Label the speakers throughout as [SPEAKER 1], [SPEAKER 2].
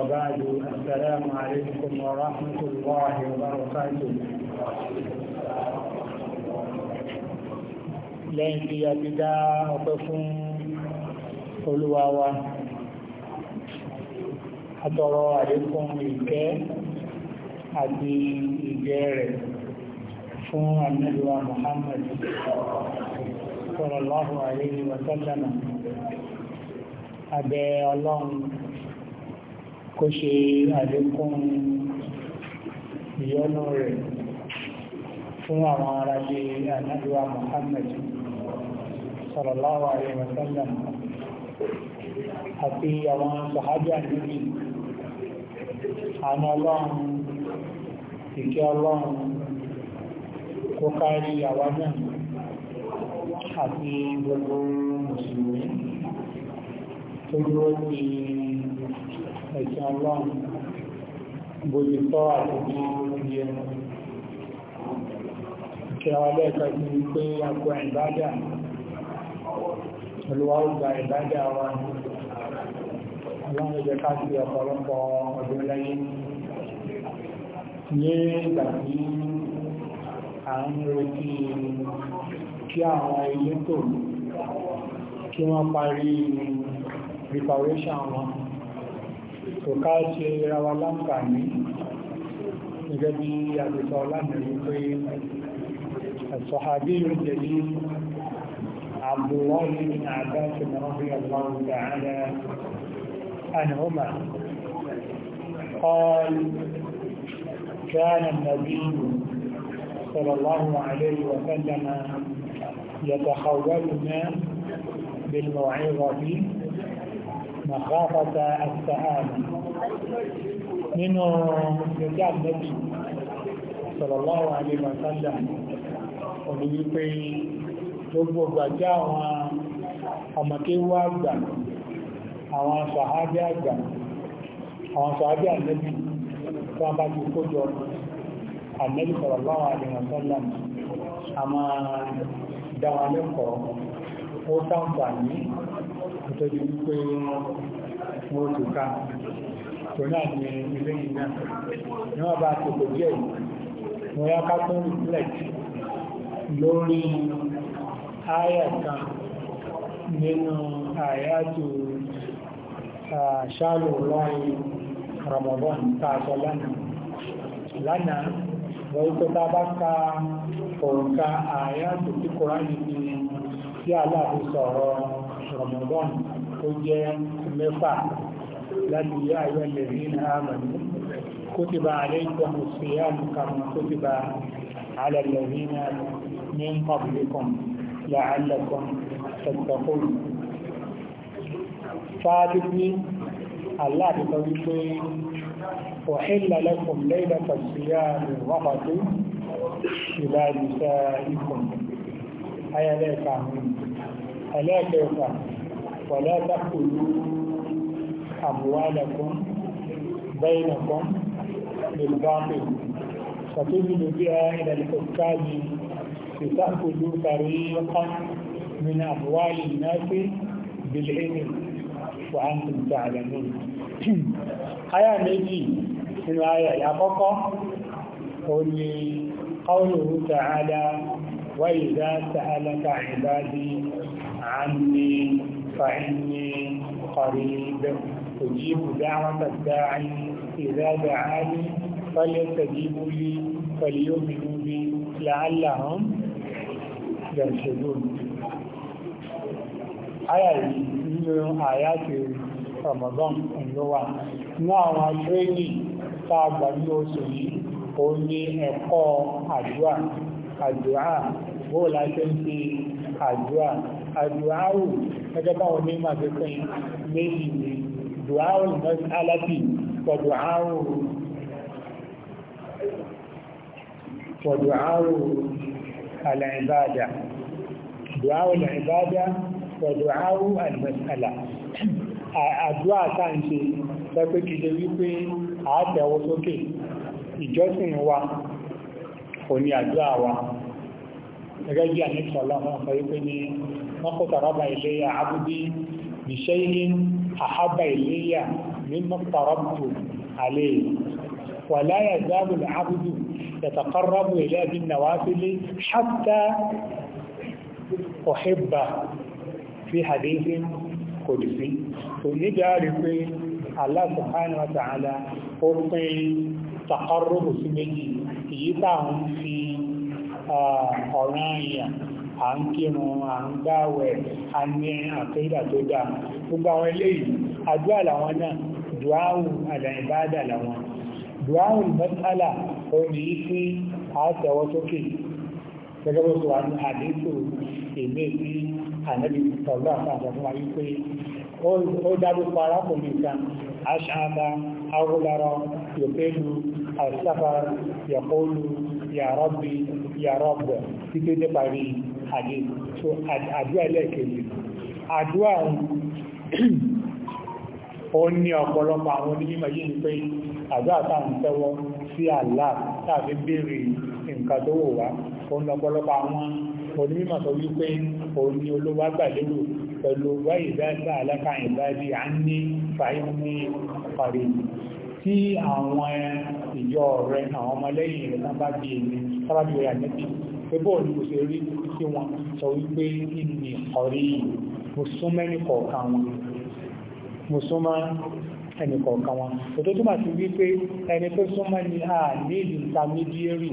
[SPEAKER 1] وبعد السلام عليكم ورحمة الله وبركاته lẹ́yìn tí a ti dá ọpẹ́ fún olúwa wa àtọrọ àdékún ìkẹ́ àti ìgẹ́ rẹ̀ fún àmìlúwa Muhammad sallallahu alayhi wa sallam abẹ́ ọlọ́run kó ṣe àlékún ìyọ́nú rẹ̀ fún àwọn ará lè ànábíwá Muhammad sallallahu alaihi wa sallam àti àwọn sàhábà níbi àánú ọlọ́run ìkẹ́ ọlọ́run kó kárí àwa náà àti gbogbo mùsùlùmí tó dúró ti ẹ̀sìn ọlọ́run bójú tọ́ àti bí i ẹ̀ kí a wọlé ẹ̀kọ́ sí pé àkó ìbádà olúwa ó gba ìbádà wa ọlọ́run jẹ́ káàkiri ọ̀pọ̀lọpọ̀ ọdún lẹ́yìn ní ìgbà tí à ń retí kí àwọn elétò kí wọ́n parí preparation wọn kò ra wa láǹfààní gẹ́gẹ́ bí àgbẹ̀sọ pé الصحابي الجليل عبد الله بن عباس رضي الله تعالى عنهما قال كان النبي صلى الله عليه وسلم يتخولنا بالموعظة màkàfàtà àtàhàmì nínú ìgbẹ́jà mẹ́bí sallallahu alaihi wa sallam òní wípé gbogbo gbàjá àwọn ọmọkéwà àgbà àwọn sàhábí àgbà àwọn sàhábí ànẹ́bí tó wọ́n bá ti kójọ ànẹ́bí sallallahu alaihi wa sallam a máa lẹ́kọ̀ọ́ ó sáǹfà ní nítorí wípé wọ́n tó ká tó náà ní ilé yìí náà ní wọ́n bá ti kò díẹ̀ mo yá ká tó reflect lórí àyà kan nínú àyàtò ṣáàlù lọ́rin Ramadan tààtọ̀ lánàá lánàá wọ́n tó tá bá ká òǹkà àyàtò tí Kùránì ní tí aláàbí sọ̀rọ̀ رمضان حجة jẹ́ لن láti الذين آمنوا كتب عليكم الصيام كما كتب على الذين من قبلكم لعلكم تتقون فاتني الله بقوله أحل لكم ليلة الصيام الرفض إلى نسائكم أي ليس أمين ألا يفهم ولا تأكلوا أموالكم بينكم بالباطل فتذلوا بها إلى الحكام لتأكلوا فريقا من أموال الناس بالعلم وأنتم تعلمون آية نجي من آية الأقوى قوله تعالى وإذا سألك عبادي عني فإني قريب أجيب دعوة الداعي إذا دعاني فليستجيبوا لي فليؤمنوا بي لعلهم يرشدون آية من آيات رمضان اللغة náà tréní tá a gbà ní oṣù yìí ó ní ẹ̀kọ́ àdúrà àdúrà gẹ́gẹ́ báwọn ní máa fi pín méjì ní dùháwò alábì pọ̀dùháwò alàìbáadà dùháwò alàìbáadà pọ̀dùháwò alàìbáadà àdúrà sáàǹṣe pẹ́pẹ́ kìí wípé àátẹ̀wọ́ sókè ìjọsìn wa òní àdúrà wa gẹ́gẹ́ bí àníkọ̀ọ́lá wọn sọ ما اقترب إلي عبدي بشيء أحب إلي مما اقتربت عليه ولا يزال العبد يتقرب إلي بالنوافل حتى أحبه في حديث قدسي ولذلك الله سبحانه وتعالى ta'ala تقرب pín tàkọ́rọ̀bù في méjì آه، à ń kírun à ń gbáwẹ̀ a ní àkídà tó dáa gbogbo àwọn eléyìí àdúrà làwọn náà dùáwù àlàyìnbáàdà làwọn dùáwù mẹ́tàlà ó ní í sí àátẹ̀wọ́ sókè gẹ́gẹ́ bó ṣe wà ní àdéhùn èmi sí ànábì pẹ̀lú àpàtà fún wa wípé ó dárúkọ arákùnrin kan aṣááta arúgbára yòpélu àṣàfà yàkólu yàrọ́bì yàrọ́bì títí dé parí hadith so àdúrà ẹlẹ́ẹ̀kejì àdúrà òun ní ọ̀pọ̀lọpọ̀ àwọn onímọ̀ yìí ni pé àdúrà táà ń tẹ́wọ́ sí Allah tàbí béèrè nǹkan tó wò wá òun lọ́pọ̀lọpọ̀ àwọn onímọ̀ sọ wípé òun ni olówó agbàlérò pẹ̀lú wáyé dáadáa alákàyìn báyìí à ń ní fàáyé ní parí tí àwọn ìjọ rẹ̀ àwọn ọmọlẹ́yìn rẹ̀ tábàbí ẹni tábàbí rẹ̀ àjẹ́bí pé bọ́ọ̀lù kò ṣe rí sí wọn sọ wípé ìní ọ̀rí mo súnmọ́ kọ̀ọ̀kan wọn mo súnmọ́ ẹnì kọ̀ọ̀kan ẹni tó súnmọ́ ni a ní intermediary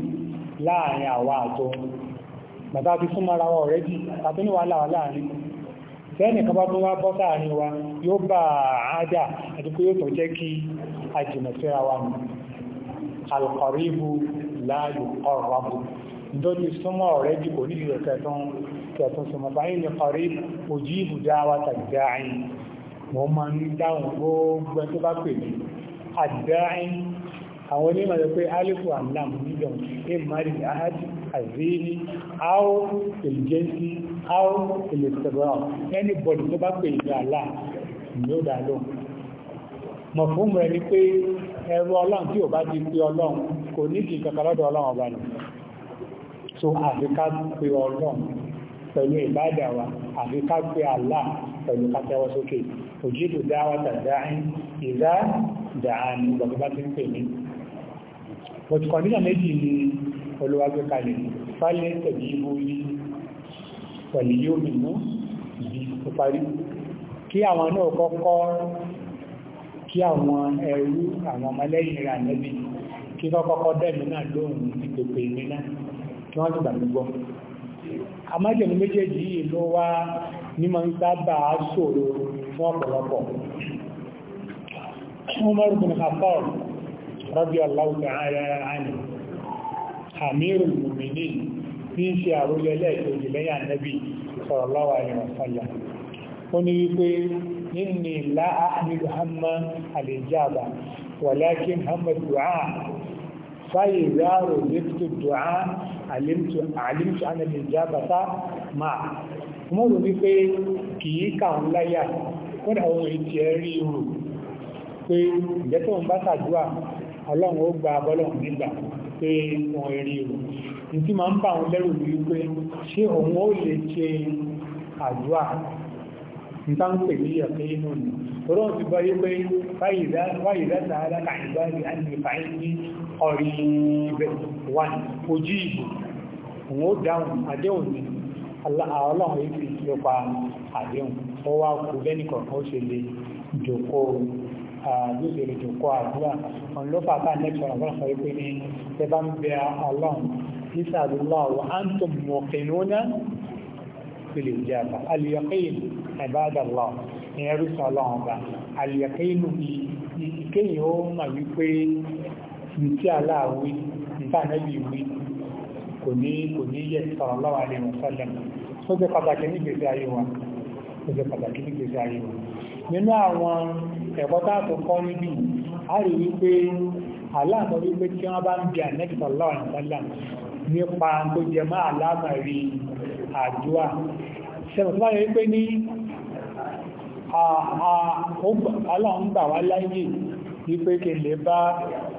[SPEAKER 1] láàrin bàbá fi súnmọ́ ara wa ọ̀rẹ́dì àtàtọ́ ní wàhálà láàrin tẹ́ẹ̀nì kan bá tún wá bọ́ sáàrin wa yóò bá àti pé yóò jẹ́ kí wa nù la nítorí súnmọ́ ọ̀rẹ́ jù kò nílùú ẹ̀kẹ́tún kẹtún súnmọ́ báyìí ní parí òjì ìbùdá wa tàbídá àyìn mo máa ń dáhùn gbogbo tó bá pè mí àdá àyìn àwọn onímọ̀ rẹ̀ pé alifu alam ahad azini ao ìlìjẹ́sí ao ìlìsẹ̀rọ̀ anybody tó bá pè mí àlá ni ó dá lóhùn mọ̀ fún mọ̀ ẹni pé ẹrú ní kí so àfikà pé ọlọ́run pẹ̀lú ìbádà wa àfikà pé Allah pẹ̀lú kátẹ́wọ́ sókè òjìdù dáwàtà dáhìn ìdá dáhìn ìgbàgbà tí ń pè ní but condition méjì ni olùwàgbé kalẹ̀ fálẹ̀ tẹ̀lé ibú ní pẹ̀lú yóò mímú bí ó parí kí àwọn náà kọ́kọ́ kí àwọn ẹrú àwọn ọmọlẹ́yìn rà nẹ́bí kí kọ́kọ́kọ́ dẹ̀mí náà lóhun ìpèpè mi náà wọ́n ti gbàgbé gbọ́ àmájẹ̀mú méjèèjì yìí ló wá ní ma ń sábà ṣòro fún ọ̀pọ̀lọpọ̀ Umar bin Khattab radiyallahu ta'ala anhu Amirul Mu'minin tí ń ṣe àrólẹ̀ lẹ́ẹ̀kejì lẹ́yìn Ànábì sallallahu alaihi wasallam ó ní فإذا رزقت الدعاء علمت علمت أن الإجابة مع mo rò wípé kìí kàún láyà kódà ohun ìtì ẹ rí rò pé ìjẹ́ tó ń bá ṣàdúrà ọlọ́run ó gba abọ́lọ́run nígbà pé wọ́n rí rò ìtí máa ń bà wọn lẹ́rù nta ń pè ti bayi ọ̀rìbẹ̀ wọ́n ojú ìbò wọ́n dáhùn àdéhùn ní ọlọ́run ìfì lópa àdéhùn ó wá kú lẹ́nìkan ó ṣe lè jòkó lóṣèlú jòkó àdúrà ọ̀n ló fàtà nẹ́tọ̀rọ̀ wọ́n sọ wípé ní ẹbá ń bẹ ọlọ́run ìsàdúlọ́ wa antum muqinuna fìlè ọba al-yaqin ìkéyìn ó mà wípé tí aláàwí ìtànẹ́bì wí kò ní kò ní yẹ sallallahu alaihi wasallam ó jẹ́ pàtàkì ní gbèsè ayé wa ó jẹ́ pàtàkì ní gbèsè ayé wa nínú àwọn ẹ̀kọ́ táàtò kọ́ níbi a rí wípé aláàmọ́ wípé tí wọ́n bá ń bí ànẹ́bì sallallahu alaihi wasallam nípa tó jẹ máa aláàmà rí àdúwà tó wípé kí lè bá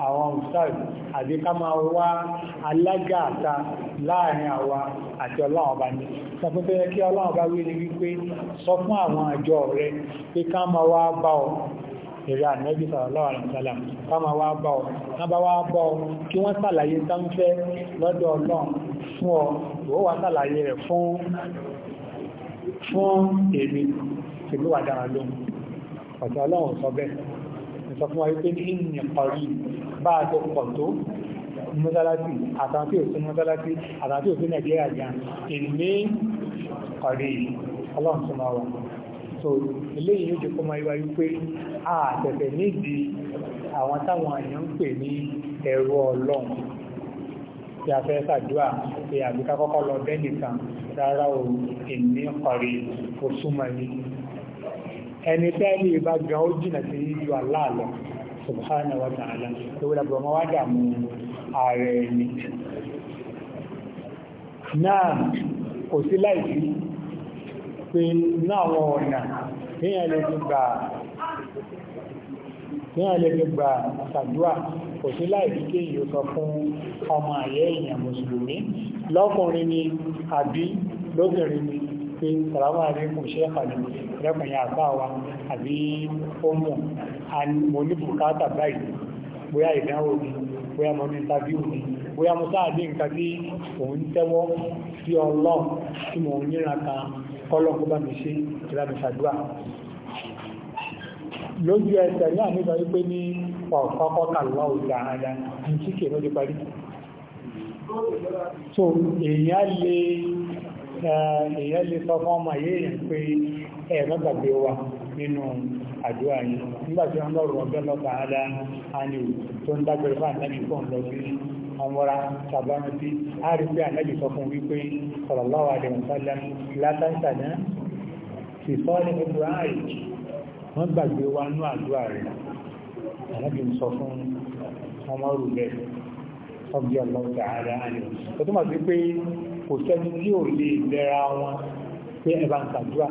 [SPEAKER 1] àwọn òṣàrí àti ká máa wá alágàáta láàrin àwa àti ọlọ́run ọba ní sọfún tó yẹ kí ọlọ́run ọba wí ní wípé sọ fún àwọn àjọ rẹ pé ká máa wá bá ọ èrè ànẹ́bí sallallahu alaihi wasallam ká máa wá bá ọ ká bá wá bá ọ kí wọ́n sàlàyé sáńfẹ́ lọ́dọ̀ ọlọ́run fún ọ ìwọ́ wá sàlàyé rẹ̀ fún fún ọ̀tọ̀ ọlọ́run sọ bẹ́ẹ̀ sọ fún ayé pé ní ìyìn parí bá a tó pọ̀ tó mọ́sálásí àtàntí ò sí mọ́sálásí àtàntí ò sí nàìjíríà gan èlé parí ọlọ́run tó máa wà so eléyìí yóò jẹ́ kó máa wáyé pé a tẹ̀tẹ̀ nídìí àwọn táwọn èèyàn ń pè ní ẹ̀rọ ọlọ́run tí ẹni tẹ́lẹ̀ ìbá gan ó jìnà sí ju aláàlọ́ subhanahu wa ta'ala ewu la bọ̀mọ́ wá dàmú ààrẹ ẹni náà kò sí láìsí pé náà wọn ọ̀nà téèyàn lè fi gbà téèyàn lè fi gbà ṣàdúrà kò sí láìsí kéèyàn sọ fún ọmọ àyẹ́ èèyàn mùsùlùmí lọ́kùnrin ni àbí lóbìnrin ni pé sàlámà àlékún ṣe àdì rẹ́kùnrin àbá wa àbí ọmọ mo ní bùkátà báyìí bóyá ìdánwò ni bóyá mo ní ìtàbíù ni bóyá mo sáà ní nǹkan tí òun tẹ́wọ́ sí ọlọ́run tí mo níra kan kọ́lọ́ kó bá mi ṣe ìlà mi ṣàdúrà lójú ẹsẹ̀ náà nígbà wípé ní ọ̀kọ́kọ́ kàlọ́ òjà ara ní kíkè lójú parí so èèyàn lè èèyàn lè sọ fún ọmọ yìí èèyàn pé ẹ̀rọ gbàgbé wa nínú àdúrà yìí nígbàtí wọn lọ rọ̀ bẹ́ẹ̀ lọ́ta àdá àníwò tó ń dágbére fún àtàbí fún lọ sí ọmọra tàbánu sí àárín pé àtàbí sọ fún wípé sallallahu alaihi wasallam látàntàná sì sọ ní gbogbo ààrẹ wọn gbàgbé wa nú àdúrà rẹ àtàbí sọ fún ọmọ rù bẹ́ẹ̀ kò sẹ́ni tí ò lè lẹ́ra wọn pé ẹ̀bá ń tàdúrà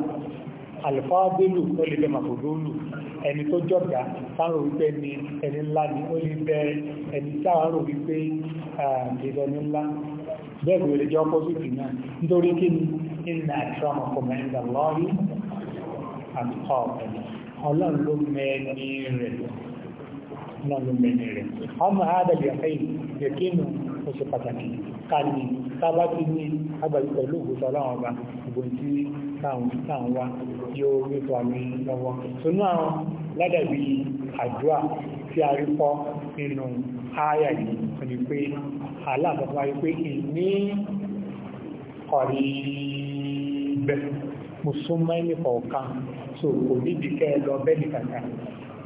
[SPEAKER 1] alifábélù ó lè bẹ́ màkòdóòlù ẹni tó jọ̀gá sáàrò wípé ni ẹni ńlá ni ó lè bẹ́ ẹni sáàrò wípé ẹ̀ẹ́dẹ̀ ní ńlá bẹ́ẹ̀ bí ó lè jẹ́ ọpọ́sìtì náà nítorí kí ni ìnà àtìrámà kọmọ ẹ̀ńdà lọ́rí àti ọ̀pẹ̀ ọlọ́run ló mẹ́ni rẹ̀ ọmọ àádàbí àfẹ́yìn yẹ̀kínú ó ṣe pàtàkì káàní tábà tí ní agbàgbé pẹ̀lú ògbóṣọ́ ọlọ́run ọba ìbò tí táwọn wá yóò rífọ́ àmì lọ́wọ́ tónú àwọn ládàbí àdúrà tí a rí kọ́ nínú ááyà yìí tó ní pé aláàbọ̀bá rí pé ìní ọ̀rí bẹ́ẹ̀ mùsùlùmí ní kọ̀ọ̀kan so kò nídìí kẹ́ lọ bẹ́ẹ̀ nìkankan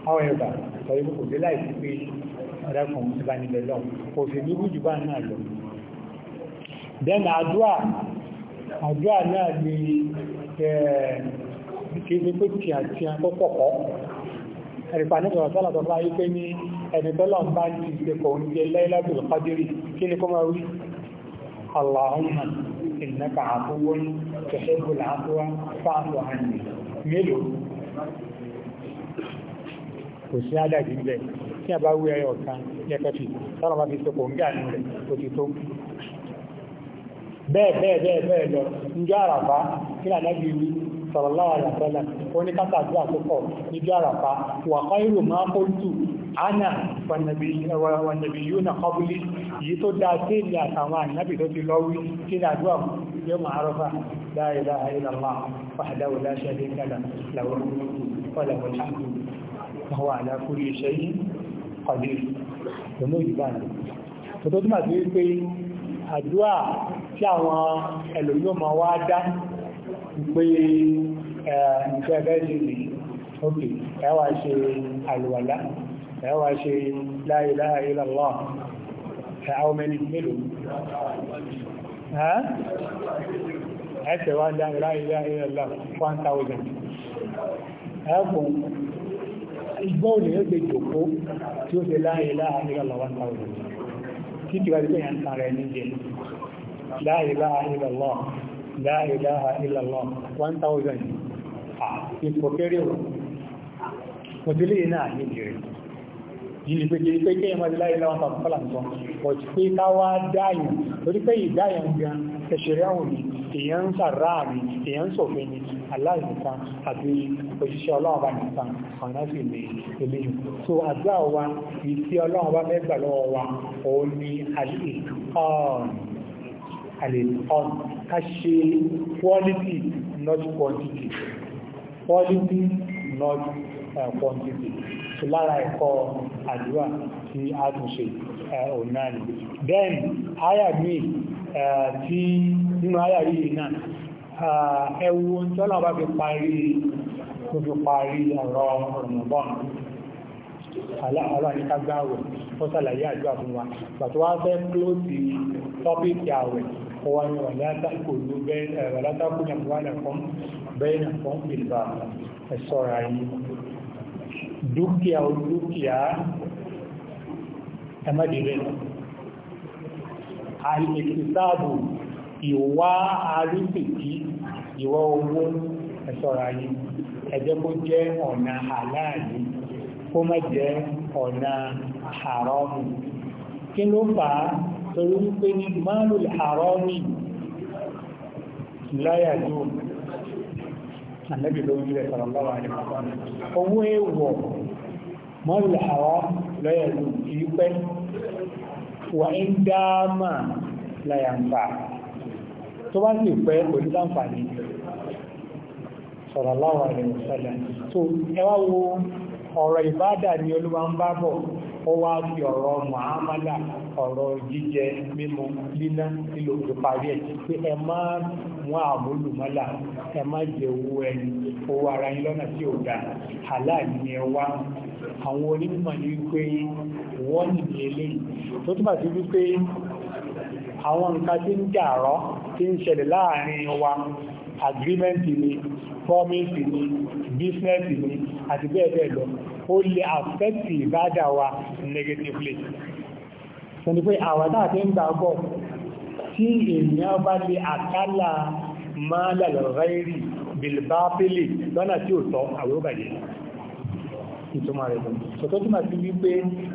[SPEAKER 1] however sọ yìí kò dé láì pé ọ̀dẹ́kùn òun ti bá níbẹ̀ lọ kò sì ní gújù bá náà lọ then àdúà àdúà náà ni eh, kéde pé tí àti àkọ́kọ́kọ́ ẹ̀rìpà ní ọ̀rọ̀ sọ́lá tọ́lá yí pé ní ẹni tọ́lá ń bá kò sí ádàbí bẹ́ẹ̀ tí a bá wí ẹyọ kan ní ẹkẹfì sọ́nà bá fi ṣe kò ń gà nínú rẹ̀ tó ti tó bẹ́ẹ̀ bẹ́ẹ̀ bẹ́ẹ̀ bẹ́ẹ̀ lọ níjọ́ àràbá kí là náà bí wí sallallahu alaihi wasallam ó ní kápá àdúrà tó pọ̀ níjọ́ àràbá wà kọ́ irú máa kó tù ánà wànàbí yóò nà kọ́bílì yìí tó dáa sí ìlú àtàwọn ànábì tó ti lọ wí kí là àdúrà yóò máa rọ́fà la ilaha illallah wahdahu la sharika lahu lahu al-mulku wa lahu al-hamdu wa huwa ala kulli shay'in kọ̀dí lọ́nà ìgbà ní tó tó túnmà sí wípé àdúrà tí àwọn ẹlòmí ọmọ wá dá pé ìfẹ́ ẹgbẹ́ sí ní òkè ẹwà ṣe àlùwàlá ẹwà ṣe la ilaha illallah how many mélòó ẹ̀ẹ́sẹ̀ wá dá la ilaha illallah 1000 ẹ̀ẹ́kùn ìgbọ́n olè yóò gbé jòkó tí ó ṣe láàyè láàárín ọlọ́wọ́ sáwọn kí kí wá sí pẹ̀yà ń tan rẹ̀ níjẹ láàyè láàárín ọlọ́ láàyè láàárín ọlọ́ 1000 ipò kéré o kò sí lè náà níbi rẹ̀ yìí pé kìí pé kí ẹmọ láàyè láwọn pàpàpàlà ń sọ kò sí pé ká wá dáyàn Allah nìkan àti òṣìṣẹ́ ọlọ́run bá nìkan àwọn náà sì lè so àdúrà wa yìí tí ọlọ́run bá fẹ́ gbà lọ́wọ́ wa òun ni al-iqan al-iqan ká ṣe quality not quantity quality not eh, quantity so lára ẹ̀kọ́ àdúrà tí a tún ṣe eh, òun náà then aya mi eh, tí nínú aya yìí náà ẹwu tí ọlọ́wọ́ bá fi parí tó fi parí ọ̀rọ̀ ọ̀rọ̀mọ̀bọ̀n aláàríkágbáwẹ̀ ó sàlàyé àjọ àfihàn wà tó wá fẹ́ klóòtì tọ́pìkì àwẹ̀ wọ́n ni wàlátákùnà wà lẹ́kùn bẹ́ẹ̀nà fún ìlbà ẹ̀ṣọ́ra yìí dúkìá o dúkìá ẹmọ́dìrẹ́ alìkìsáàbù ìwà àríkìtì ìwà owó ẹ̀ṣọ́ra yìí ẹjẹ́ kó jẹ́ ọ̀nà àláàlì kó má jẹ́ ọ̀nà àrọ́mù kí ló fà á torí wípé ní máàlù àrọ́mù láyàjú àlẹ́bì lórí rẹ̀ sọ̀rọ̀lọ́wà rẹ̀ owó èèwọ̀ máàlù àrọ́mù láyàjú kìí wà ń dáa máa láyàǹfà tó bá sì pẹ́ pẹ̀lú láǹfààní sọ̀rọ̀láwà rẹ̀ wasallam tó ẹwà wo ọ̀rọ̀ ìbádà ni olúwa ń bá bọ̀ ó wá bí ọ̀rọ̀ mọ̀hámádà ọ̀rọ̀ jíjẹ mímu líná lílo ìparí ẹ̀ pé ẹ má mú ẹ má jẹ owó ẹni owó ara yín lọ́nà tí ò ni ẹ wá àwọn onímọ̀ wípé wọ́n nìyẹn tó sí wípé tí ń ṣẹlẹ̀ láàrin wa agreement ni promise ni business ni àti bẹ́ẹ̀ bẹ́ẹ̀ lọ ó lè affect ìbádà wa negatively sẹ́ni pé àwàdá àti ń gbà bọ̀ tí ènìyàn bá lè àkálà máa lálọ̀rọ̀ rí bilbápílì lọ́nà tí ó tọ́ àwọn òbàjẹ́ ìtumà rẹ̀ sọ̀tọ́ tí máa ti wípé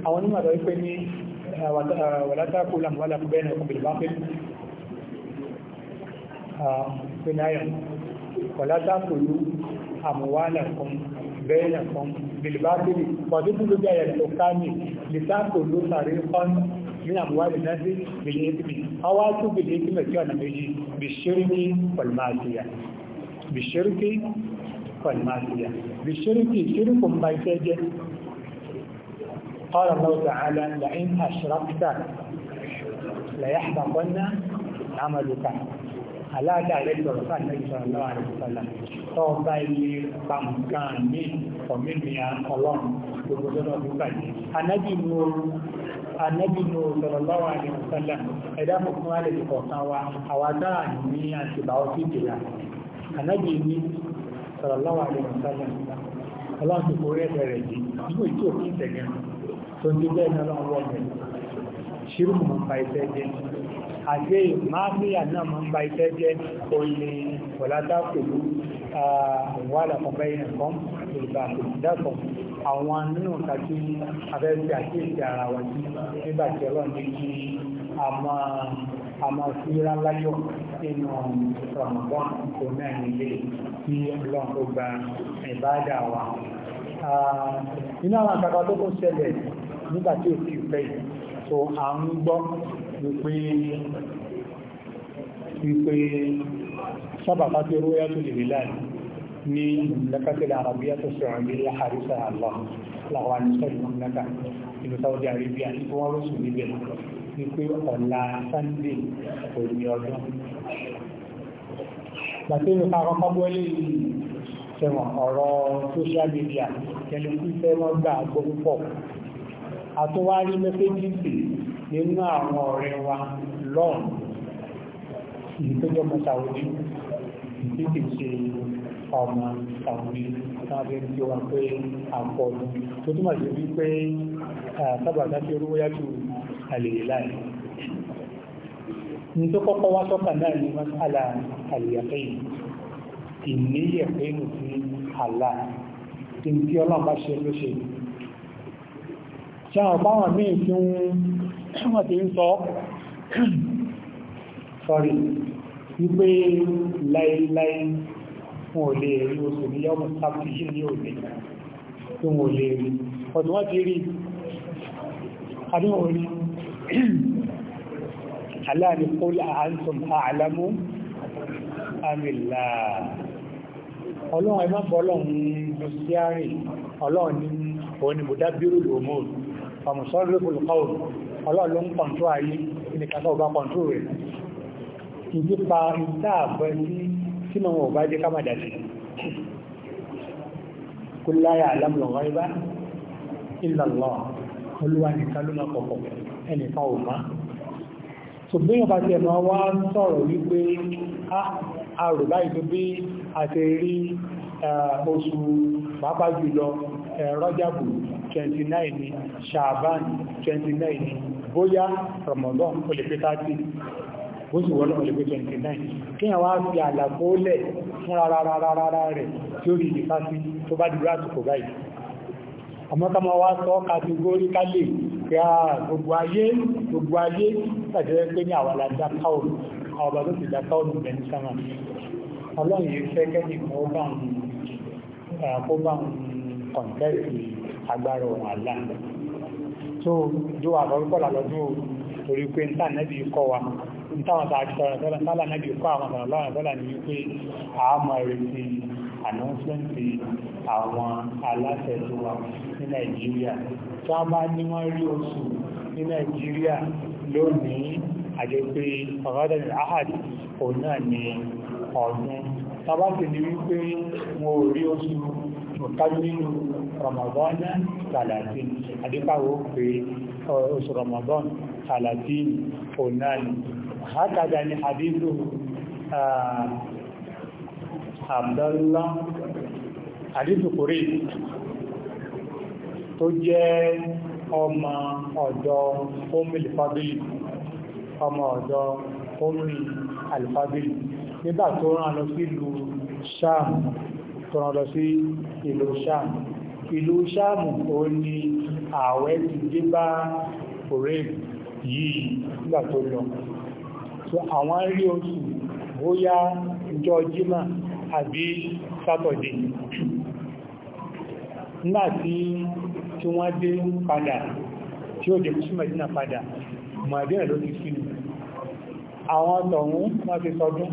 [SPEAKER 1] àwọn onímọ̀ àtọ́ wípé ní wàlátàkù lámùwálà bẹ́ẹ̀nà bilbápílì بناية ولا تأكلوا أموالكم بينكم بالباطل وضد لجاية الحكام لتأكلوا طريقا من أموال الناس بالإثم أو أتوا بالإثم كان بيجي بالشرك والمعصية بالشرك والمعصية بالشرك شرك بيتجه قال الله تعالى لئن أشركت ليحبطن عملك aláàdá rẹ̀ sọ̀rọ̀ sáà ní ìṣọ̀rọ̀ lọ́wọ́ àdìsọ́lá tó bá ilé pàmùkàn ní ọ̀mìnira ọlọ́run gbogbo tó lọ́dún báyìí. anábì nuru anábì sọ̀rọ̀ lọ́wọ́ àdìsọ́lá ẹ̀dá fún wa lè kọ̀ọ̀kan wa àwa ní àtìbà ọ́fíìsì la anábì ní sọ̀rọ̀ lọ́wọ́ àdìsọ́lá ọlọ́run ti forí ẹ̀bẹ̀rẹ̀ yìí ṣírùkù mọ̀ bá iṣẹ́ jẹ́ àgbé máàmíyà náà mọ̀ bá iṣẹ́ jẹ́ oyin wọ̀látà pẹ̀lú àwọn àlàkọ̀ọ́bẹ̀ ẹ̀kọ́ ìgbà ìdákọ̀ àwọn nínú kàtí abẹ́rẹ́ àkíyèsí ara wa sí nígbà tí ọlọ́run ní kí a máa fi ra láyọ̀ nínú ọ̀rọ̀mọ̀gbọ́n tó mẹ́rin lè kí ọlọ́run tó gba ìbáàdà wa. nínú àwọn àkàkọ́ tó kún ṣẹlẹ̀ nígbà tí òfin fẹ́ so a ń gbọ́ wípé wípé sábà fásí róyá tó lè láì ní ìlẹ́kàtẹ̀lẹ̀ àràbíyà tó sọ̀rọ̀ ní àríṣà àlọ́ láwà ní sọ́rọ̀ mọ́láka ìlú Saudi Arabia ní wọ́n rọ́sù níbẹ̀ wípé ọ̀rọ̀ social media tẹ̀lé fífẹ́ wọ́n gbà gbọ́ púpọ̀ àtúwárí mẹ́fẹ́jìsì nínú àwọn ọ̀rẹ́ wa lọ́n ìlú tó jọmọ sàwọ́dí tí kì ṣe ọmọ sàwọ́dí láti tí wọ́n pé àpọ̀lù tó túnmà sí wípé sábàdá tí orúwó yájú àlèyé láì ní tó kọ́kọ́ wá sọ́kà náà ní masala àlèyàfẹ́yìn ìníyẹ̀fẹ́yìn sí àlá tí ń tí ọlọ́run bá ṣe lóṣèlú ṣáwọn báwọn míì tí wọ́n ti ń sọ sọ́rí wípé láìláì wọn ò lè rí oṣù ní yọ́mù sáàpì yìí ní òní tí wọn ò lè rí ọdún wọ́n ti rí àdínwò rí aláàrí kólà àánsùn àlámú àmìlà ọlọ́run ẹgbẹ́ ọlọ́run lọ sí àárín ọlọ́run ní òun ni mo dá bírò lòmóòrùn fàmùsọ́lùkù lùkọ́ùn ọlọ́ọ̀lọ́ ń kọ̀ntú ayé ìdíkàtọ̀ ọba kọ̀ntú rẹ̀ ìdípa ìdáàbẹ̀ tí mọ̀ ọba jẹ́ ká màdà sí kú láyà alámùlọ̀wọ́ ibá ìlọ̀lọ́ olúwa nìkan ló máa kọ̀kọ̀ ẹnìkan ò má so bí ah, a rò báyìí tó bí a ti rí eh, 29 ni ṣàbán 29 ni bóyá Ramadan ó lè pé 30 bó sì wọ́n ó lè pé 29 kí àwọn àti àlàkó lẹ̀ fún rárárárá rẹ̀ tí ó rí ìdíká sí tó bá dúró àsìkò báyìí àmọ́ ká máa wá sọ kàtígórí kálẹ̀ pé a gbogbo ayé gbogbo ayé tàbí pé ní àwọn alájá káòlù àwọn bàbá ti dá káòlù bẹ̀ní sáwọn ọlọ́run yìí fẹ́ kẹ́ kọ̀ǹtẹ́ẹ̀tì agbára ohun àlá tó jó àkọ́kọ́lá lọ́dún torí pé ń tàn nẹ́bí kọ́ wa ń táwọn tàbí sọ̀rọ̀ sọ́lá nẹ́bí kọ́ àwọn sọ̀rọ̀ lọ́rọ̀ sọ́lá ní wípé àmọ́ ìrètí ànọ́sẹ́ǹtì àwọn aláṣẹ tó wà ní nàìjíríà tí wọ́n bá ní wọ́n rí oṣù ní nàìjíríà lónìí àjẹpé ọ̀gádẹ̀rẹ̀ ahad òun náà ní ọdún tàbátì ní wípé wọn ò rí oṣù nùkàmínú ramadana talatin àdípàwò pé oṣù ramadan talatin onani hakada ni hadithu abdallah hadithu kore tó jẹ́ ọmọ ọ̀dọ̀ omil fadil ọmọ ọ̀dọ̀ omil alfadil nígbà tó rán lọ sílùú sáàmù tọ́nà lọ sí ìlú sáàmù ìlú sáàmù ó ní ààwẹ̀ ti dé bá òrèl yìí nígbà tó lọ so àwọn rí oṣù bóyá ìjọ jímà àbí sátọ̀dé nígbàtí tí wọ́n dé padà tí ó dé sí Mẹ́dínà padà Mẹ́dínà ló ti sínú àwọn tọ̀hún wọ́n ti sọdún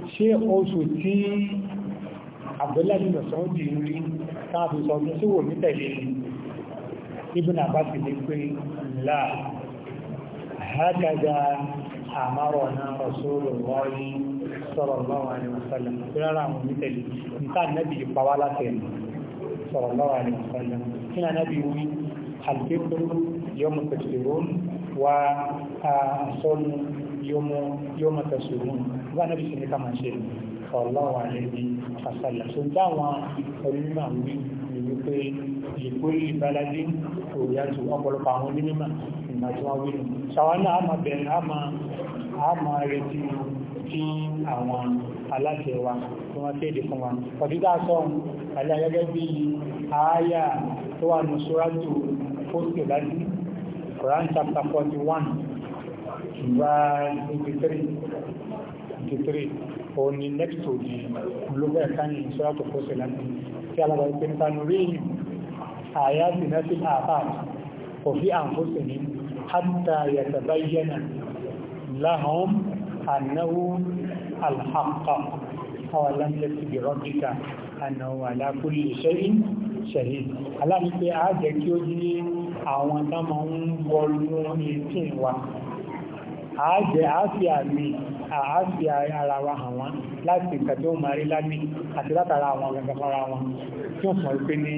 [SPEAKER 1] ṣé oṣù tí Abdullahi Masoudi rí káàfi sọ ọdún sí wò ní tẹ̀lé Ibn Abbas ní pé láà hákàdá àmárọ̀ náà ọ̀ṣọ́rọ̀ wọ́rí sọ̀rọ̀ lọ́wọ́ àríwọ̀sọ́lẹ̀ tí rárá àwọn ní tẹ̀lé nǹkan nẹ́bí pàwá látẹ̀lé sọ̀rọ̀ lọ́wọ́ àríwọ̀sọ́lẹ̀ kí na nẹ́bí wí yawma tasumūn wọ́n náà bí sinmi ká máa ṣe sallallahu alayhi wa sallam tó dáwọn onímọ̀ wí ni wípé ìgbóyè ìbálájì òyàtò ọ̀pọ̀lọpọ̀ àwọn onímọ̀ ìgbà tí wọ́n wí nù ṣàwọn náà á máa bẹ̀rẹ̀ á máa retí tí àwọn aláṣẹ wa tó wà Quran chapter 41, verse 83 83 òun ni next to the olóbẹ̀ kan yìí sọ́rọ̀ tó fọ́sẹ̀ láti tí alábà ìpé nípa nuríyìn àyà sí náà sí àpáà kò fi àǹfóṣẹ̀ ní hátà yàtàbá yẹnà láhùn ànáwó alhàkà ọ̀lán lẹ́sì bìrọ́bìkà ànáwó alákùlé ṣẹ́yìn ṣẹ̀yìn aláàrín pé àájẹ́ kí ó yí àwọn támà ń wọlú ní wa àájẹ́ àáfí àmì àáfí ara wa hàn wọ́n láti nǹkan tí ó máa rí lámì àti látara àwọn gangan fara wọn tí ó mọ̀ pé ní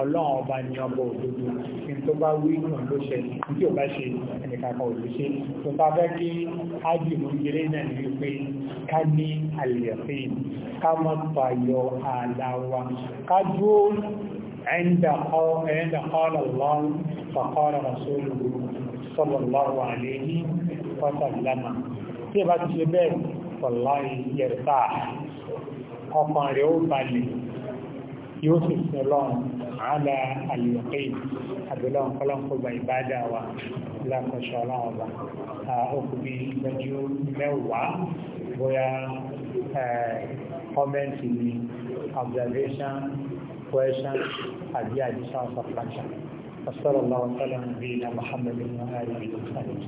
[SPEAKER 1] ọlọ́run ọba ní ọba òdodo ní tó bá wí ìrùn ló ṣe tí ò bá ṣe ẹnìkankan ò ṣe tó bá fẹ́ kí ájì mú jẹrẹ náà ní wípé ká ní àlèyàfẹ́ ká mọ́ pààyọ ààlà wa ká dúró عند قال الله فقال رسوله صلى الله fásitì àdìlámà tí ẹ bá ti ṣe bẹ́ẹ̀ pọ̀lá ìyẹ̀rẹ̀ta ọkàn rẹ̀ ó balẹ̀ yóò sì sin lọ́run àádá àlùyọ̀kẹ́ àbẹ̀lọ́run kọ́lọ́nkọ́gbà ìbádà wa lákọ̀ọ́ṣọ́ ọlọ́run ọba òkú bí ìgbẹ́jú mẹ́wàá bóyá kọ́mẹ́ǹtì ni observation question àbí additional subtraction. وصلى الله وسلم نبينا محمد وآله وصحبه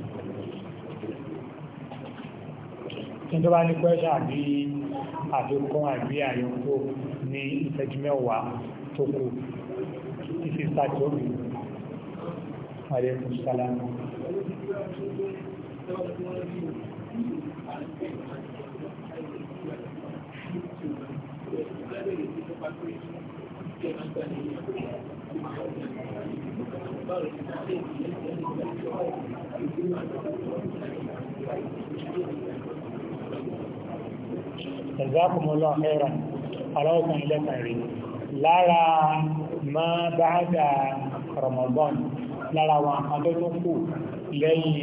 [SPEAKER 1] tó bá ní pẹ́ṣà àbí àfikún àbí àyọkó ní ìṣẹ́jú mẹ́wàá tó kù títí sàtóbi àríkùn sálámù Thank you. jazakumullahu khairan aláwọ̀kan ilẹ̀kàn rí lára ma ba'da Ramadan lára wọn adọ́tọ́kù lẹ́yìn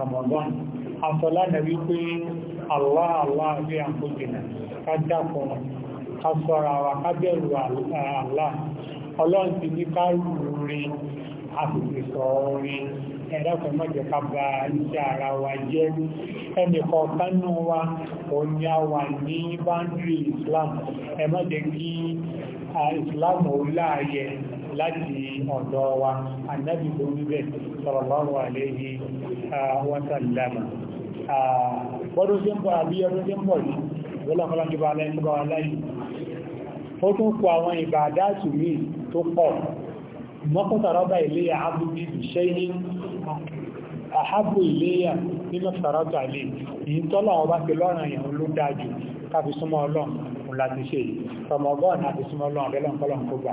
[SPEAKER 1] Ramadan asọ́lá na wípé Allah Allah bí a kó jìnà ká dákun ká sọ́ra wa ká bẹ̀rù Allah ọlọ́run ti ní ká rú rí àti ẹ̀dàkùn mọ́jọ ká bá iṣẹ́ ara wa jẹ́ ẹnìkọ̀ kánú wa òyà wà ní báńdì Islam ẹmọ́jẹ kí Islam ò láàyè láti ọ̀dọ̀ wa annabi ló ń bẹ̀ sallallahu alayhi wa sallam bọ́dún tí ń bọ̀ àbí ọdún tí ń bọ̀ yìí lọ́lọ́kọ́lá jùbọ́ aláìsíbọ̀ mọ́kútàrọ́bà ilé àbúgbì ṣẹ́yìn àhábò iléyà nínú sàrọ́tà alẹ́ yìí tọ́lọ̀ ọba ti lọ́rùn èèyàn ló dájú káfi súnmọ́ ọlọ́run láti ṣe rọmọgọ́n àti súnmọ́ ọlọ́run bẹ́lọ́n kọ́lọ́n kó gbà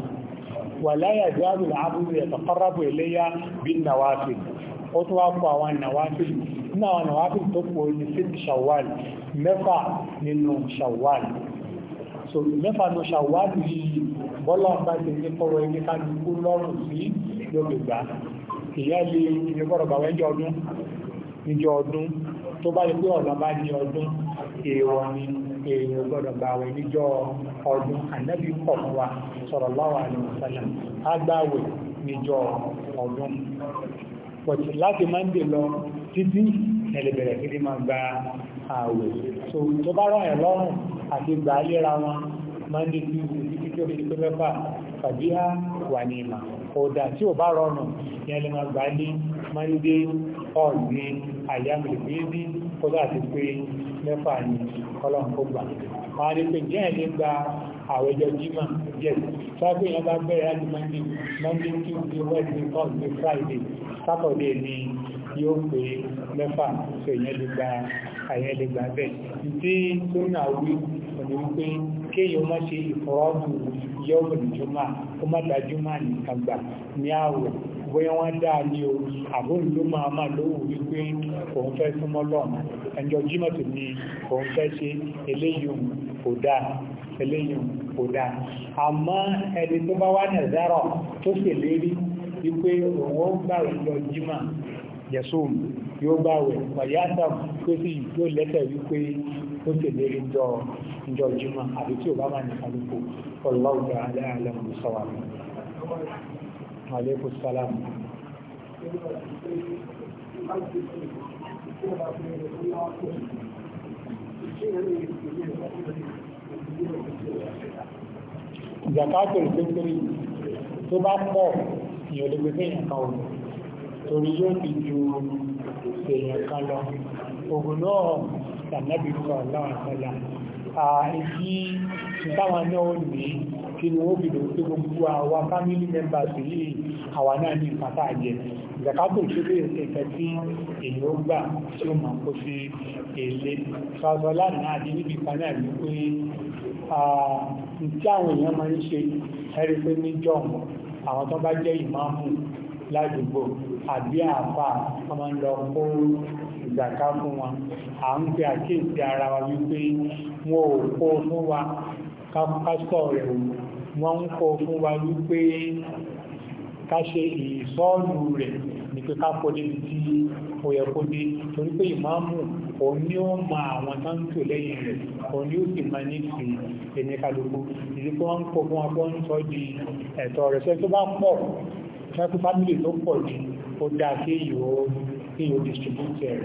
[SPEAKER 1] wà láyà ìdáàbò àbúrò ẹ̀tọ̀ kọ́rọ́bù iléyà bí nàwáfì ó tún wá kọ àwọn nàwáfì so mẹ́fà nínú shawwal yìí bọ́lọ́n bá ti ní kọ́rọ̀ ẹni ká kìyà lè ìrẹ́gbọ́rọ̀ bàwẹ́ jọ ọdún níjọ ọdún tó bá lè pé ọ̀nà bá ní ọdún èèwọ̀ ni èèyàn gbọ́dọ̀ bàwẹ́ níjọ ọdún ànábì kọ̀ fún wa sallallahu alaihi wasallam agbáwẹ̀ níjọ ọdún pọ̀tí láti mọ́ndé lọ títí ẹlẹ́bẹ̀rẹ̀ kiri so tó bá rán ẹ̀ lọ́rùn àti gbà á léra wọn mọ́ndé tí ọ̀dà tí ò bá rọrùn yẹn lè máa gbà ní monday ọ̀gbìn àyàmìlẹ́bí kódà ti pé mẹ́fà ní ọlọ́run kó gbà máa ní pé jẹ́ ẹ̀lẹ́ gba àwọn ẹjọ́ jímà jẹ́ sáàpé èèyàn bá bẹ̀rẹ̀ láti monday monday tuesday wednesday thursday friday saturday ni yóò pé mẹ́fà tó èèyàn lè gba àyẹ̀lẹ́gbà bẹ́ẹ̀ tí tó náà wí ọ̀dọ̀ wípé kéèyàn má ṣe ìfọ̀rọ̀dù yọ́mù ìjọmá kó má dájúmá nìkan gbà ní àwọ̀ bóyá wọ́n dá ní o àbóyìn ló máa máa lówó wípé òun fẹ́ súnmọ́ lọ́nà ẹjọ́ jímọ̀tò ni òun fẹ́ ṣe eléyìí kò dáa eléyìí kò dáa àmọ́ ẹni tó bá wá nàzárọ̀ tó ṣèlérí wípé òun ó gbàwẹ̀ lọ yẹ̀sùn yóò gbàwẹ̀ pàyásà tó sì yóò lẹ́tẹ̀ wípé tó tẹ̀lé ìjọ ìjọ ìjùmọ̀ àbí tí ò bá máa nìkan lóko ọlọ́wọ́ gba alẹ́ àlẹ́ òun sọ̀rọ̀ àmì. Màlẹ́kù ìpínpín tó bá pọ̀ ìyọ̀ lè gbé fẹ́yìn kan òun torí yóò fi ju èèyàn kan lọ. Ògùn náà tànàbí sọ̀rọ̀ àtàlà èyí táwọn náà ní kí ni ó àwọn family members yìí àwa náà ní ìpàtà àjẹ́ ìgbàkápò ìṣẹ́lẹ̀ ẹ̀kẹ́ tí èyí ó gbà tí ó máa kó sí èlé sọ̀rọ̀ lánàá àti níbi kan náà ní pé tí àwọn èèyàn máa ń ṣe ẹ̀rí pé níjọ́ àwọn tó bá jẹ́ ìmáàmù ládùúgbò àbí àpá ọmọ ń lọ ìgbàká fún wọn à ń pe àkíyèsí ara wa wípé wọn ò kó fún wa pásítọ̀ rẹ̀ o wọ́n ń kó fún wa wípé ká ṣe ìsọ́ọ̀lù rẹ̀ ní pé ká kó débi tí ó yẹ kó dé torí pé ìmáàmù òun ni ó mọ àwọn tó ń tò lẹ́yìn rẹ̀ òun ni ó sì máa ní ti ẹni kálukú ìdí pé wọ́n ń kó fún wa pé ń sọ di ẹ̀tọ́ rẹ̀ sẹ́ tó bá pọ̀ ṣẹ́kù fámìlì tó pọ̀ ni ó dáa sí ìhòòhò kí o distribute ẹ̀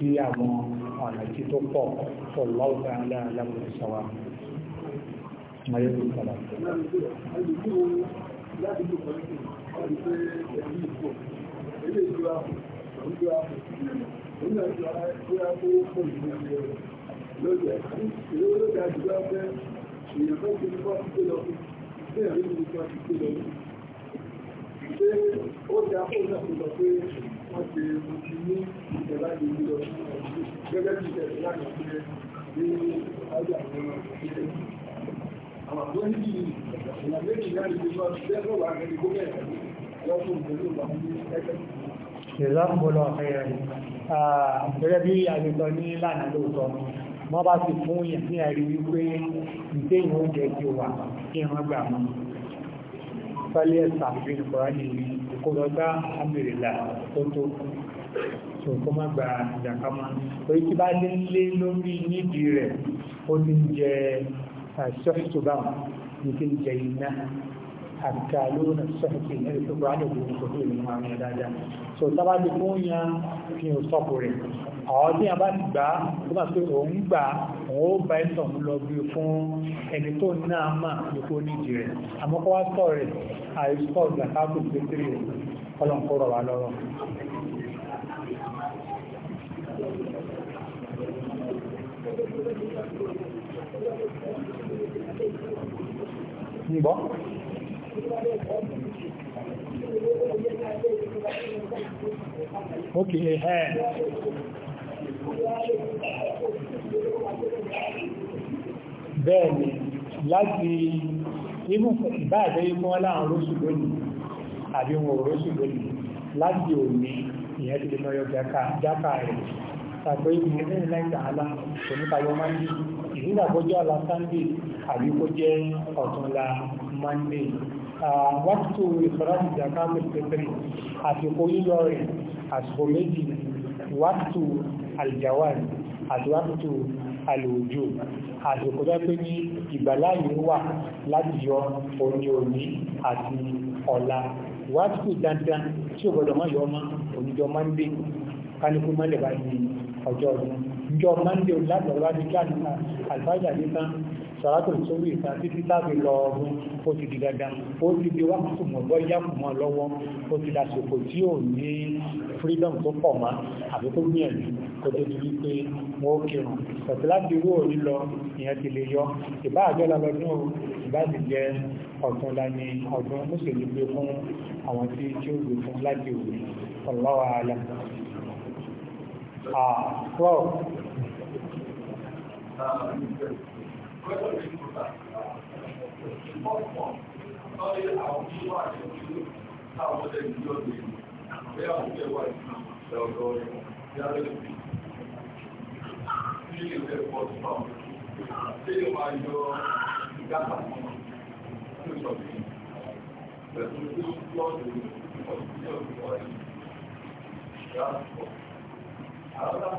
[SPEAKER 1] sí àwọn ọ̀nà tí tó pọ̀ tó lọ́wọ́ aláàlámù ìsọ̀wà mayẹ́kùn sọ̀rọ̀
[SPEAKER 2] lójú ẹ̀ ìlú olóògbé àjùgbà pé èèyàn fẹ́ ti ní bọ́ sí pé lọ sí ẹ̀rí ní bọ́ sí pé lọ sí pé ó dá fóònù àkùnjọ pé wọ́n ti mú ti ní ìjọba ní ìlú ọdún gẹ́gẹ́ bí ìjọba láti ṣe ní ayé àwọn ìṣẹ́ àwọn àgbọ̀ níbi ìlànà méjì láti fi wọ́n ti dẹ́kọ̀ wà ní gómìnà lọ́sùn pẹ̀lú àwọn ẹgbẹ́
[SPEAKER 1] Ìjọba ọ̀fẹ́rẹ̀ gẹ́gẹ́ bí àgbẹ̀tọ̀ ní lánàá lóòtọ́, wọ́n bá ti fún ìyàn ní àrí wípé ìdé ìwọ́n jẹ́ tí ó wà kí wọ́n gbà mọ́. Fẹ́lẹ́ ẹ̀sà fi ń kọ́rá nìyí kó lọ bá àmìrìlà tó tó tó kó má gba ìjàkámá orí tí bá lé lé lórí nídìí rẹ̀ ó ti ń jẹ sọ́ọ̀tùbá ní ti ń jẹ iná àkàlónà sọ́ọ̀tì ní ẹ̀rọ tó bá lè wọ́n tó tó ìlú àwọn ẹ̀dá dáa so tábà ti fún yan fi hàn sọ́ọ̀pù rẹ̀ àwọn tí a bá ti gbà tó bá pé òun gbà òun ó bá ẹ̀sọ̀ ń lọ bí fún ẹni tó náà mà ní kó nídìí rẹ̀ àmọ́ kó wá sọ̀rọ̀ rẹ̀ àìsọ̀ ìgbà káàkiri pétérì rẹ̀ kọ́lọ̀ ń kọ́rọ̀ wá lọ́rọ̀ ń bọ́ Okay, ẹ̀hẹ́ bẹ́ẹ̀ ni láti ibùn ìbáàdẹ́ ikú wọ́n láàrin oṣù lónìí àbí wọn ò róṣù lónìí láti òní ìyẹn ti lè mọ yọ jáka rẹ̀ tàbí ìlú ẹ̀rìn láì tààlà oníkayọ mandi ìdílé àbọ́jọ́ àlà sannde àbí kó jẹ́ ọ̀túnla mandi wákìtò ìfọ́láṣí jáka pẹ̀lú àsìkò yíyọ rẹ̀ àsìkò méjì wákìtò àlìjáwáì àti wákìtò àlòjò àsìkò tó pé ní ìgbàláyé wà láti yọ òní òní àti ọ̀la wáṣíkù dandan tí ò gbọdọ̀ máa yọ ọmọ oníjọ mọ́ndé kánikú mọ́ndé bá di ọjọ́ ọdún ìjọ mọ́ndé láti ọ̀rọ̀ bá ti kí àlùfáàjà ní tán sọ̀rọ̀tò sórí ìta títí tábí lọ ọdún ó ti di dandan ó ti di wákàtí mọ̀gbọ́ yàkùnmọ́ lọ́wọ́ ó ti dàsòkò tí ò ní freedom tó pọ̀ mọ́ àbí tó gbìyànjú kó tó di wípé wọ́n ó kírun pẹ̀sẹ̀ láti irú òní lọ ìyẹn ti lè yọ ìbá àjọ lọ́lọ́dún ìbá ti jẹ ọ̀tún lani ọdún ó sì lè gbé fún àwọn tí tí ó gbé fún láti òwe ọlọ́wà alẹ́ Ah,
[SPEAKER 2] wow. Uh, Another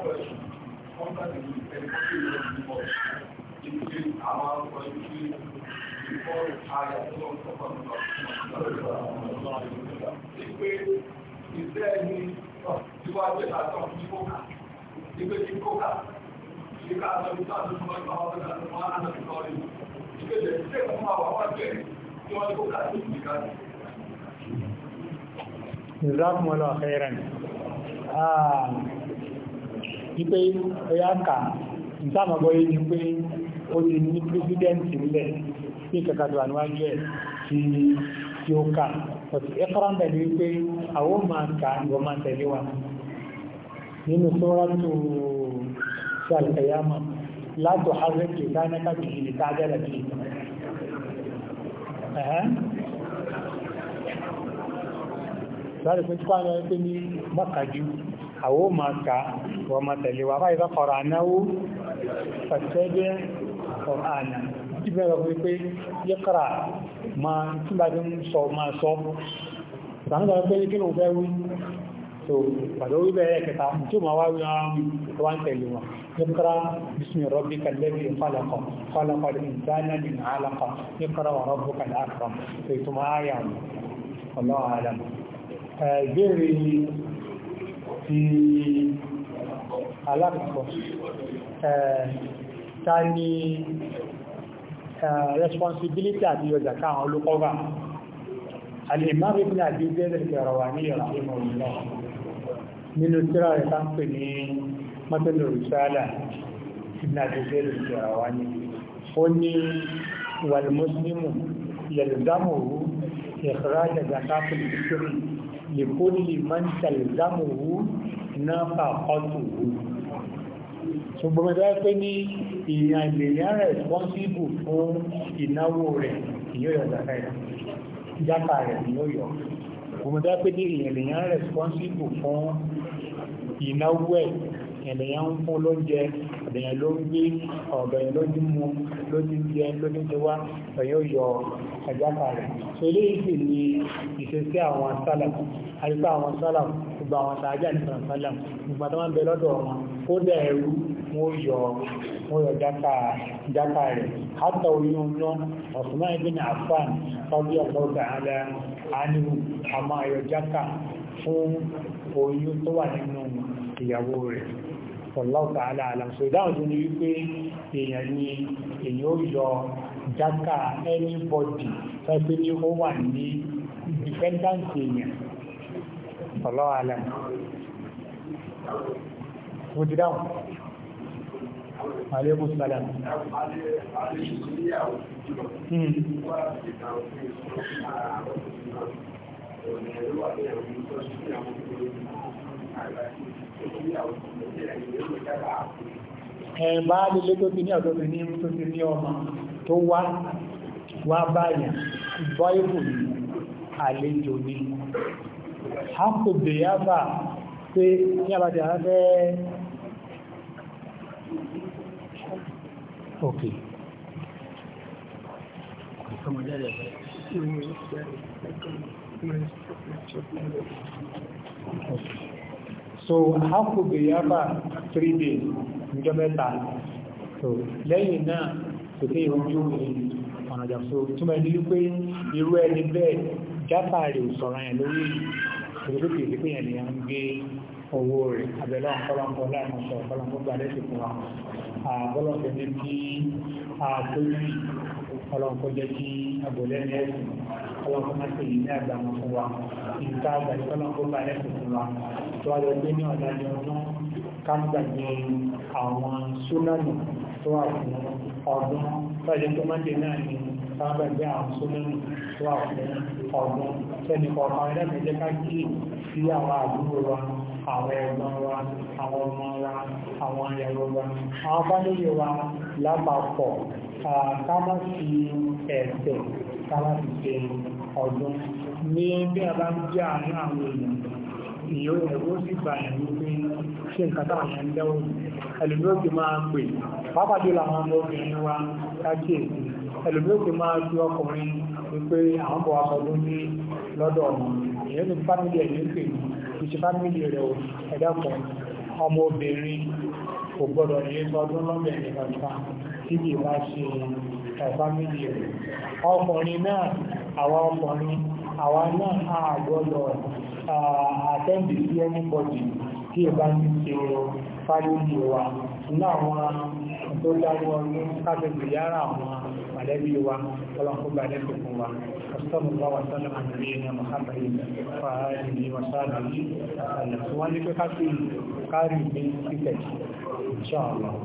[SPEAKER 2] question, contact the people who are involved. Ìgbé ní ìwájú àtọ́ ìkókà, ìgbé ní kókà, ìgbà àtọ́jú àti ìgbà ọ̀gbọ̀n àti ìgbà àti ìgbà ọ̀rẹ́. Ìgbé lè ṣe fún àwọn àwọn àjẹ́ tí wọ́n kókà sí ìgbà.
[SPEAKER 1] Ìzákùnmọ́lọ̀ àfẹ́rẹ̀ ni. Ìpé ẹ̀yà kà, ìtàmàgbọ́ yìí ni pé ó ti ní pírẹsidẹ́ǹtì ńlẹ̀ sí kàkàdọ̀ àníwájú ẹ̀ tí tí ó kà ọ̀tí ẹ̀kọ́rọ̀ ń bẹ̀rẹ̀ wípé àwọn máa kà ìwọ̀n máa tẹ̀lé wa nínú sọ́rọ́tù ṣàlùkẹ̀yàmọ̀ látò harvard ìdánẹ́ká bìí ní tágẹ́rẹ̀ bìí láti fún tíkwá ní ọdún ní mọ́kàjú àwọn máa kà ìwọ̀n máa tẹ̀lé wa báyìí bá kọ̀rọ̀ ànáwó pẹ̀sẹ̀dẹ̀ kọ̀ọ̀ánà tí bẹ̀rẹ̀ wọ́n pé yẹ́kọ̀rà ma tí bá ti ń sọ ma sọ ìsànlọ́gbà pé ní kí ló fẹ́ wí so pàdó wí bẹ̀rẹ̀ kẹta tí ó ma wá wí wá ń tẹ̀lé wọn yẹ́kọ̀rà bísmì rọ́bì kàlẹ́bì falakọ̀ falakọ̀ ìdáná ní alakọ̀ yẹ́kọ̀rà wà rọ́bù kàlẹ́kọ̀ so ìtumọ̀ ayà ọlọ́wọ́ alam ìbéèrè ti alákọ̀ọ́ ta ni responsibility àti ọjà káwọn olùkọ́gbà alìmọ́ ibn àbí zẹ́rẹ̀ kẹrọ wà ní ọ̀rọ̀ ìmọ̀ òmìnà nínú tíra rẹ̀ ká ń pè ní mọ́tẹ́lù rìsáàlà ibn àbí zẹ́rẹ̀ kẹrọ wà ní ó ní wàlmùsùlùmù èèyàn lèyàn rẹ̀spọ́nsíbù fún ìnáwó rẹ̀ ìyó yọ zaka rẹ̀ jápa rẹ̀ ìyó yọ òmùdá pé ní èèyàn lèyàn rẹ̀spọ́nsíbù fún ìnáwó ẹ̀ èèyàn ń fún lóúnjẹ èèyàn ló ń gbé ọ̀bẹ̀yàn ló ti mu ló ti jẹ ló ti jẹ wá èèyàn yọ jápa rẹ̀ so eléyìí sì ni ìṣesí àwọn sálà àríkà àwọn sálà gbogbo àwọn sàájà nípa sálà gbogbo àtàwọn bẹ lọ́dọ̀ wọn kó dẹ̀ ẹrú wọ́n yọ wọ́n yọ jákà rẹ̀ hátà oyún náà Osman ibn Affan fábí ọ̀pọ̀lọpọ̀ ààrẹ àánú a máa yọ jákà fún oyún tó wà nínú ìyàwó rẹ̀ pọ̀lọpọ̀ ààrẹ àlàmsọ ìdáhùn tó ni èèyàn ó yọ jákà anybody fẹ́fẹ́ ní ó wà defendant èèyàn pọ̀lọpọ̀ ààrẹ mo Àlékún sàdà. Hmm. Ẹ̀bá lílé tó ti ní ọ̀tọ́ ti ní tó ti ní ọmọ tó wá wá báyìí bọ́ìbù ní àlejò ní. Hápò bèyàbà pé ní àbájá fẹ́ Okay. So how could the Yaba three days in Jamaica? So lẹ́yìn náà kò tí ìwọ̀n yóò rí ọ̀nà jàpọ̀ túnmọ̀ ní wípé irú ẹni bẹ́ẹ̀ jápa rẹ̀ sọ̀rọ̀ yẹn lórí ìrìnlókè ìdíkò yẹn ni a owó rẹ̀ àbẹ̀lọ́ ọ̀pọ̀lọpọ̀ láìmọ̀ṣọ̀ ọ̀pọ̀lọpọ̀ gbà lẹ́sì fún wa àbọ́lọ̀pẹ̀ ní kí àtòjì ọlọ́pọ̀ jẹ́ kí agbòlẹ́ ní ẹ̀sìn ọlọ́pọ̀ máa ṣe yìí ní àgbàmọ̀ fún wa ìta àgbà ìpọ́lọpọ̀ gbà lẹ́sì fún wa tó wá lọ gbé ní ọ̀dájọ́ ọdún ká ń gbàgbé àwọn súnánù tó wà fún ọdún tọ́jú tó máa ń dè náà ní sábà gbé ká kí sí àwọn àdúgbò wa àwọn ọgbọ́n wa àwọn ọmọ wa àwọn ìyàwó wa àwọn fámílì wa lápapọ̀ ká má fi ẹ̀sẹ̀ ká ṣe ọdún ní bí a bá ń jẹ́ àánú àwọn èèyàn ìyó ẹ̀rọ sì gbà yẹn wípé ṣe nǹkan táwọn yẹn ń dẹ́wọ̀ ẹlòmíòkè máa pè pàápàá jùlọ ọmọ obìnrin wa kákíyèsí ẹlòmíòkè máa ju ọkùnrin wípé àwọn bọ̀ wá sọdún ní lọ́dọ̀ ọ̀nà ìyẹn fámílì ẹ̀yìn pè ní ṣe fámílì rẹ̀ ò ẹ̀dàpọ̀ ọmọ obìnrin kò gbọ́dọ̀ ní ọdún lọ́bẹ̀rẹ̀ kankan tí kì bá ṣe fámílì rẹ̀ ọkùnrin náà àwa ọkùnrin àwa náà a gbọ́dọ̀ àtẹ́ǹdì sí ẹnìbọ̀dì tí ìbá ti ṣe fámílì wa náà wọn tó dáwọ́ mọ̀lẹ́bí wa ọlọ́run bá lẹ́kọ̀ọ́ fún wa ọ̀sọ́mù bá wà sọ́nà àmì ní Muhammad fàájì ní wàsáàbà yìí wọ́n ní pé ká sí kárí ní títẹ̀
[SPEAKER 2] inshallah